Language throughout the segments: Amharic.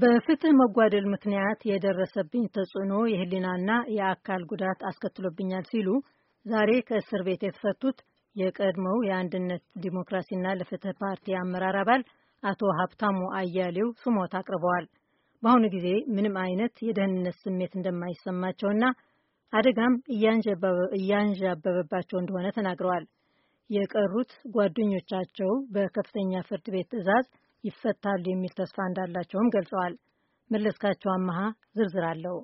በፍትህ መጓደል ምክንያት የደረሰብኝ ተጽዕኖ የህሊናና የአካል ጉዳት አስከትሎብኛል ሲሉ ዛሬ ከእስር ቤት የተፈቱት የቀድሞው የአንድነት ዲሞክራሲና ለፍትህ ፓርቲ አመራር አባል አቶ ሀብታሙ አያሌው ስሞት አቅርበዋል። በአሁኑ ጊዜ ምንም አይነት የደህንነት ስሜት እንደማይሰማቸውና አደጋም እያንዣበበባቸው እንደሆነ ተናግረዋል። የቀሩት ጓደኞቻቸው በከፍተኛ ፍርድ ቤት ትዕዛዝ ይፈታሉ የሚል ተስፋ እንዳላቸውም ገልጸዋል። መለስካቸው አመሃ ዝርዝር አለው።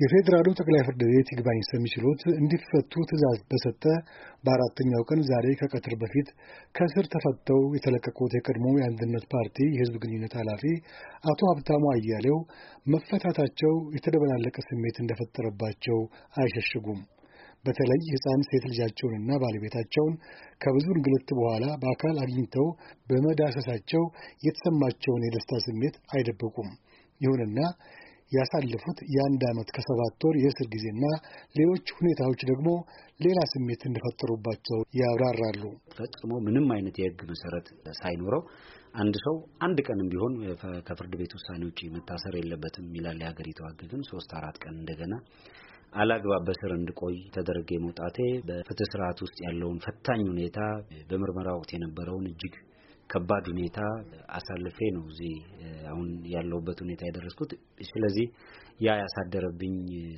የፌዴራሉ ጠቅላይ ፍርድ ቤት ይግባኝ ሰሚ ችሎት እንዲፈቱ ትዕዛዝ በሰጠ በአራተኛው ቀን ዛሬ ከቀትር በፊት ከእስር ተፈተው የተለቀቁት የቀድሞ የአንድነት ፓርቲ የሕዝብ ግንኙነት ኃላፊ አቶ ሀብታሙ አያሌው መፈታታቸው የተደበላለቀ ስሜት እንደፈጠረባቸው አይሸሽጉም። በተለይ ሕፃን ሴት ልጃቸውንና ባለቤታቸውን ከብዙ እንግልት በኋላ በአካል አግኝተው በመዳሰሳቸው የተሰማቸውን የደስታ ስሜት አይደብቁም። ይሁንና ያሳለፉት የአንድ ዓመት ከሰባት ወር የእስር ጊዜና ሌሎች ሁኔታዎች ደግሞ ሌላ ስሜት እንደፈጠሩባቸው ያብራራሉ። ፈጽሞ ምንም አይነት የህግ መሰረት ሳይኖረው አንድ ሰው አንድ ቀንም ቢሆን ከፍርድ ቤት ውሳኔ ውጭ መታሰር የለበትም ይላል የሀገሪቱ ሕግ። ግን ሶስት አራት ቀን እንደገና አላግባብ በስር እንድቆይ ተደረገ መውጣቴ በፍትህ ስርዓት ውስጥ ያለውን ፈታኝ ሁኔታ በምርመራ ወቅት የነበረውን እጅግ ከባድ ሁኔታ አሳልፌ ነው እዚህ አሁን ያለሁበት ሁኔታ የደረስኩት። ስለዚህ ያ ያሳደረብኝ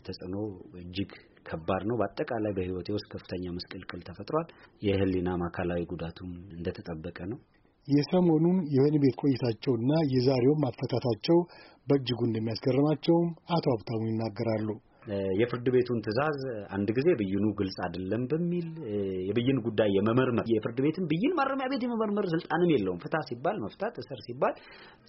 ተጽዕኖ እጅግ ከባድ ነው። በአጠቃላይ በህይወቴ ውስጥ ከፍተኛ መስቀልቅል ተፈጥሯል። የህሊናም አካላዊ ጉዳቱም እንደተጠበቀ ነው። የሰሞኑን የወህኒ ቤት ቆይታቸውና የዛሬውም አፈታታቸው በእጅጉ እንደሚያስገርማቸውም አቶ ሀብታሙ ይናገራሉ። የፍርድ ቤቱን ትዕዛዝ አንድ ጊዜ ብይኑ ግልጽ አይደለም በሚል የብይን ጉዳይ የመመርመር የፍርድ ቤትን ብይን ማረሚያ ቤት የመመርመር ስልጣንም የለውም። ፍታ ሲባል መፍታት፣ እስር ሲባል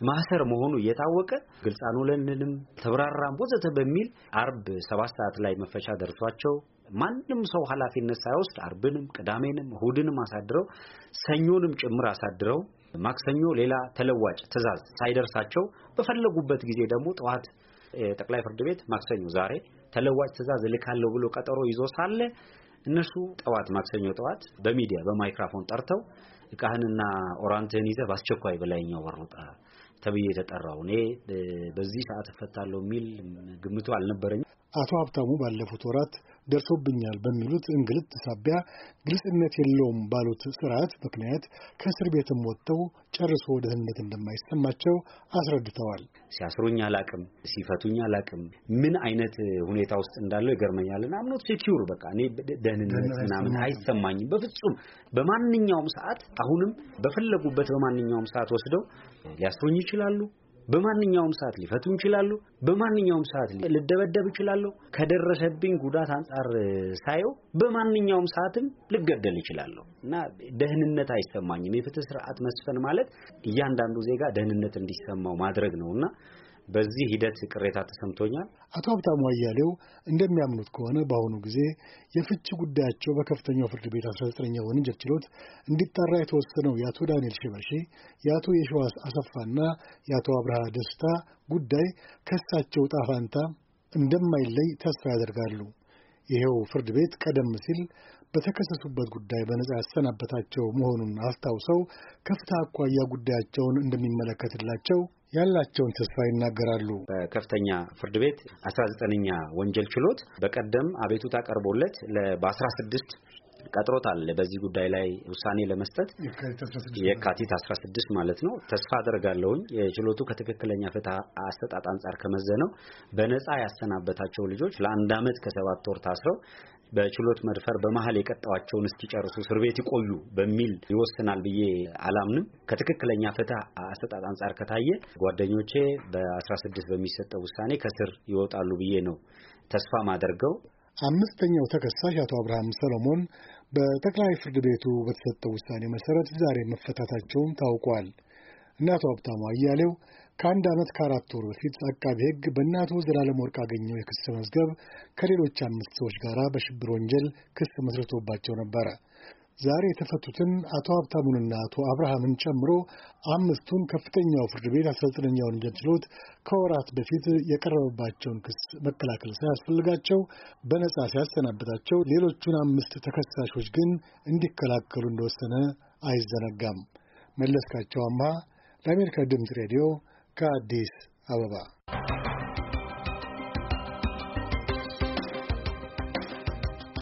ማሰር መሆኑ እየታወቀ ግልጽ አንወለንም ተብራራም ወዘተ በሚል አርብ ሰባት ሰዓት ላይ መፈቻ ደርሷቸው ማንም ሰው ኃላፊነት ሳይወስድ አርብንም ቅዳሜንም እሁድንም አሳድረው ሰኞንም ጭምር አሳድረው ማክሰኞ ሌላ ተለዋጭ ትዕዛዝ ሳይደርሳቸው በፈለጉበት ጊዜ ደግሞ ጠዋት ጠቅላይ ፍርድ ቤት ማክሰኞ ዛሬ ተለዋጭ ትእዛዝ እልካለሁ ብሎ ቀጠሮ ይዞ ሳለ እነሱ ጠዋት ማክሰኞ ጠዋት በሚዲያ በማይክራፎን ጠርተው እቃህንና ኦራንትህን ይዘህ በአስቸኳይ በላይኛው በር ተብዬ የተጠራው እኔ በዚህ ሰዓት እፈታለሁ የሚል ግምቱ አልነበረኝም። አቶ ሀብታሙ ባለፉት ወራት ደርሶብኛል በሚሉት እንግልት ሳቢያ ግልጽነት የለውም ባሉት ስርዓት ምክንያት ከእስር ቤትም ወጥተው ጨርሶ ደህንነት እንደማይሰማቸው አስረድተዋል። ሲያስሩኝ አላቅም፣ ሲፈቱኝ አላቅም፣ ምን አይነት ሁኔታ ውስጥ እንዳለው ና አምኖት ሴኪውር በቃ እኔ ደህንነት ምናምን አይሰማኝም በፍጹም በማንኛውም ሰዓት አሁንም በፈለጉበት በማንኛውም ሰዓት ወስደው ሊያስሩኝ ይችላሉ። በማንኛውም ሰዓት ሊፈቱ ይችላሉ። በማንኛውም ሰዓት ልደበደብ ይችላለሁ። ከደረሰብኝ ጉዳት አንጻር ሳየው በማንኛውም ሰዓትም ልገደል ይችላለሁ እና ደህንነት አይሰማኝም። የፍትህ ስርዓት መስፈን ማለት እያንዳንዱ ዜጋ ደህንነት እንዲሰማው ማድረግ ነውና በዚህ ሂደት ቅሬታ ተሰምቶኛል። አቶ ሀብታሙ አያሌው እንደሚያምኑት ከሆነ በአሁኑ ጊዜ የፍች ጉዳያቸው በከፍተኛው ፍርድ ቤት 19ኛ ወንጀል ችሎት እንዲጣራ የተወሰነው የአቶ ዳንኤል ሽበሺ፣ የአቶ የሸዋስ አሰፋና የአቶ አብርሃ ደስታ ጉዳይ ከሳቸው ጣፋንታ እንደማይለይ ተስፋ ያደርጋሉ። ይኸው ፍርድ ቤት ቀደም ሲል በተከሰሱበት ጉዳይ በነጻ ያሰናበታቸው መሆኑን አስታውሰው ከፍትህ አኳያ ጉዳያቸውን እንደሚመለከትላቸው ያላቸውን ተስፋ ይናገራሉ። በከፍተኛ ፍርድ ቤት 19ኛ ወንጀል ችሎት በቀደም አቤቱታ ቀርቦለት በ16 ቀጥሮታል በዚህ ጉዳይ ላይ ውሳኔ ለመስጠት የካቲት 16 ማለት ነው። ተስፋ አደርጋለሁኝ የችሎቱ ከትክክለኛ ፍትህ አሰጣጥ አንጻር ከመዘነው በነፃ ያሰናበታቸው ልጆች ለአንድ ዓመት ከሰባት ወር ታስረው በችሎት መድፈር በመሀል የቀጠዋቸውን እስኪጨርሱ እስር ቤት ይቆዩ በሚል ይወስናል ብዬ አላምንም። ከትክክለኛ ፍትህ አሰጣጥ አንጻር ከታየ ጓደኞቼ በ16 በሚሰጠው ውሳኔ ከስር ይወጣሉ ብዬ ነው ተስፋ ማደርገው። አምስተኛው ተከሳሽ አቶ አብርሃም ሰሎሞን በጠቅላይ ፍርድ ቤቱ በተሰጠው ውሳኔ መሰረት ዛሬ መፈታታቸውም ታውቋል። እነ አቶ ሀብታሙ አያሌው ከአንድ ዓመት ከአራት ወር በፊት አቃቢ ሕግ በእነ አቶ ዘላለም ወርቅ አገኘው የክስ መዝገብ ከሌሎች አምስት ሰዎች ጋር በሽብር ወንጀል ክስ መስርቶባቸው ነበረ። ዛሬ የተፈቱትን አቶ ሀብታሙንና አቶ አብርሃምን ጨምሮ አምስቱን ከፍተኛው ፍርድ ቤት አስራ ዘጠነኛ ወንጀል ችሎት ከወራት በፊት የቀረበባቸውን ክስ መከላከል ሳያስፈልጋቸው በነጻ ሲያሰናብታቸው ሌሎቹን አምስት ተከሳሾች ግን እንዲከላከሉ እንደወሰነ አይዘነጋም። መለስካቸው አማ ለአሜሪካ ድምፅ ሬዲዮ ከአዲስ አበባ